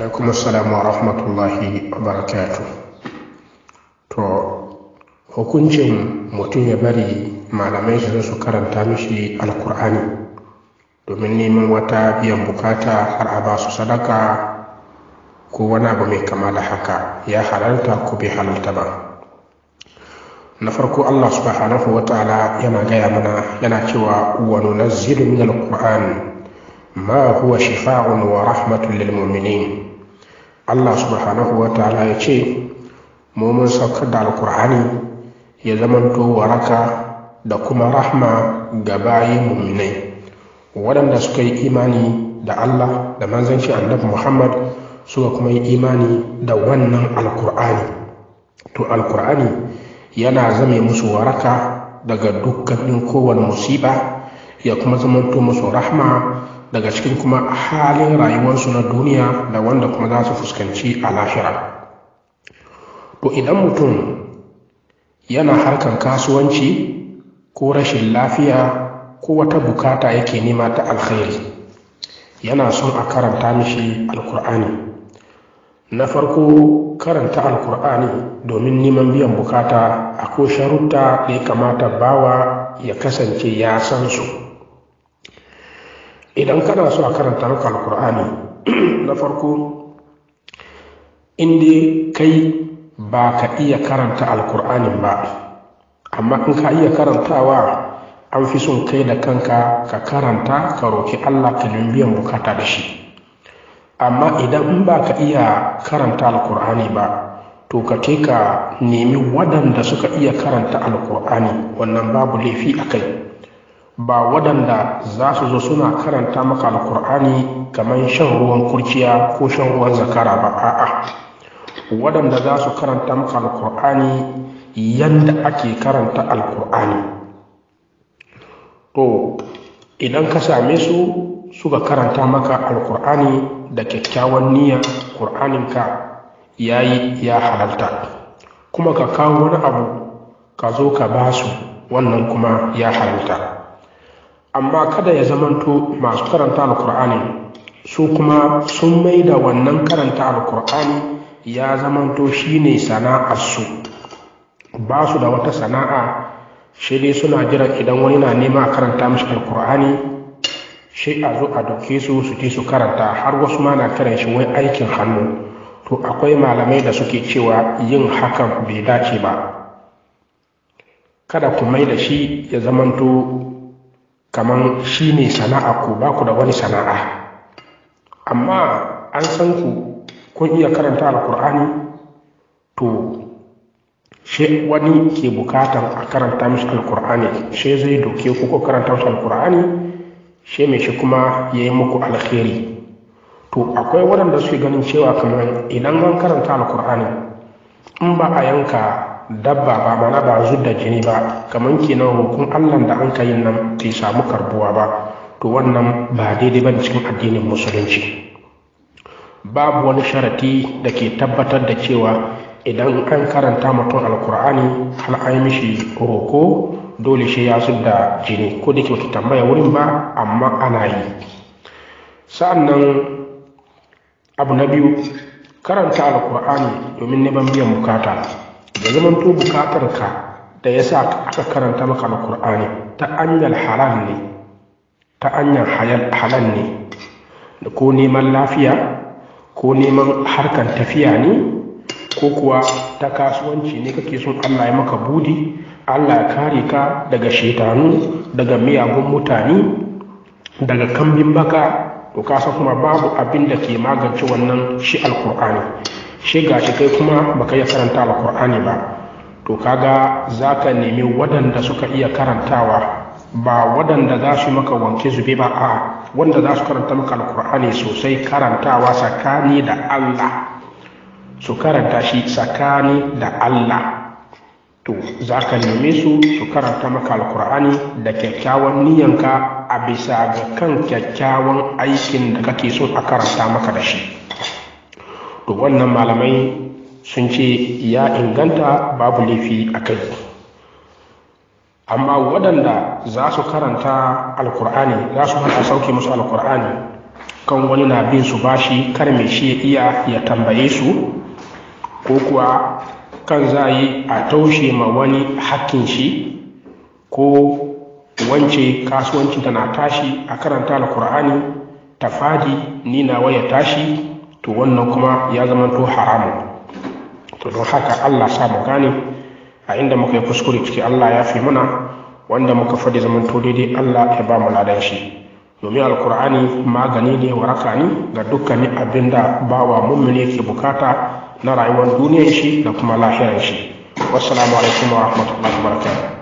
alaikum assalamu wa rahmatullahi wa barakatu to hukuncin mutum ya bari malamai su su karanta mishi alkur'ani domin neman wata biyan bukata har a ba su sadaka ko wani abu mai kama da haka ya halarta ko bai halarta ba na farko allah subhanahu wa ta'ala yana gaya mana yana cewa wa nunazzilu min alqur'an ma huwa shifa'un wa rahmatun lil mu'minin Allah subhanahu wa ta'ala ya ce mu saukar da alkur'ani ya zamanto waraka da kuma rahma ga bayi muminai waɗanda suka yi imani da Allah da manzon shi annabi Muhammad suka kuma yi imani da wannan alkur'ani to alkur'ani yana zame musu waraka daga dukkanin kowane musiba ya kuma zamanto musu rahma daga cikin kuma halin rayuwarsu na duniya da wanda kuma za su fuskanci a lahira to idan mutum yana harkar kasuwanci ko rashin lafiya ko wata bukata yake nema ta alkhairi yana son a karanta mishi alkur'ani na farko karanta alkur'ani domin neman biyan bukata a ko sharuta da ya kamata bawa ya kasance ya san su idan kana so a karanta maka alkur'ani na farko inda kai ba ka iya karanta alkur'anin ba amma in ka iya karantawa an fi son kai da kanka ka karanta ka roƙi allah ka biyan bukata da shi amma idan in ba ka iya karanta alkur'ani ba to ka ce ka nemi waɗanda suka iya karanta alkur'ani wannan babu laifi a kai ba waɗanda za su zo suna karanta maka alkur'ani kamar shan ruwan kurciya ko shan ruwan zakara ba a'a waɗanda za su karanta maka alkur'ani yadda ake karanta alkur'ani to idan ka same su suka karanta maka alkur'ani da kyakkyawan niyya kur'aninka ya yi ya halalta kuma ka kawo wani abu ka zo ka ba su wannan kuma ya halalta amma kada ya zamanto masu karanta alkur'ani su kuma sun maida wannan karanta alkur'ani ya zamanto shine sana'arsu ba su da wata sana'a shi dai suna jira idan wani na nema karanta mashi alkur'ani shi a zo a doke su su su karanta har wasu ma na kiran shi wai aikin hannu to akwai malamai da suke cewa yin hakan bai dace ba kada ku mai da shi ya zamanto kaman shi ne sana'a ku ba ku da wani sana'a amma an san ku kun iya karanta alkur'ani to she wani ke bukatar a karanta musu alkur'ani she zai doke ku ko karanta musu alkur'ani she mai shi kuma ya yi muku alkhairi to akwai waɗanda suke ganin cewa kamar idan an karanta alkur'ani in ba a yanka dabba ba mana ba zudda jini ba kamar kenan hukun allah da an yin nan bai samu karbuwa ba to wannan ba daidai ba cikin addinin musulunci babu wani sharati da ke tabbatar da cewa idan an karanta mutum alkur'ani hal an mishi roko dole shi ya da jini ko da ke wata tambaya wurin ba amma ana yi sa'annan abu na biyu karanta alkur'ani domin neman biyan bukata da zaman to bukatar ka da yasa aka karanta maka na Qur'ani ta anyar halal ne ta halal ne da ko neman lafiya ko neman harkan tafiya ne ko kuwa ta kasuwanci ne kake son Allah ya maka budi Allah ya kare ka daga shetanu daga miyagun mutane daga kambin baka to ka kuma babu abin da ke magance wannan shi alkur'ani shi ga shi kai kuma baka iya karanta alkur'ani ba to kaga za ka nemi waɗanda suka iya karantawa ba waɗanda za su maka wanke zube ba a wanda za su karanta maka alkur'ani sosai karantawa tsakani da allah su karanta shi tsakani da allah to za ka neme su su karanta maka alkur'ani da kyakkyawan niyanka a bisa ga kan kyakkyawan aikin da kake so a karanta maka da shi to wannan malamai sun ce ya inganta babu laifi a kai amma waɗanda za su karanta alkur'ani za su hana sauke musu alkur'ani kan wani na bin su bashi kar mai shi ya iya ya tambaye su ko kuwa kan za yi a taushe ma wani hakkin shi ko wance kasuwanci na tashi a karanta alkur'ani ta fadi ni na waya tashi to wannan kuma ya zama to haramu to don haka Allah sa mu gane a inda muka yi kuskure ciki Allah ya fi muna wanda muka fadi zaman to daidai Allah ya ba mu ladan shi domin alkur'ani magani ne waraka ne ga dukkanin abin da bawa mummune ke bukata na rayuwar duniyar shi da kuma lafiyar shi wassalamu alaikum wa rahmatullahi wa barakatuh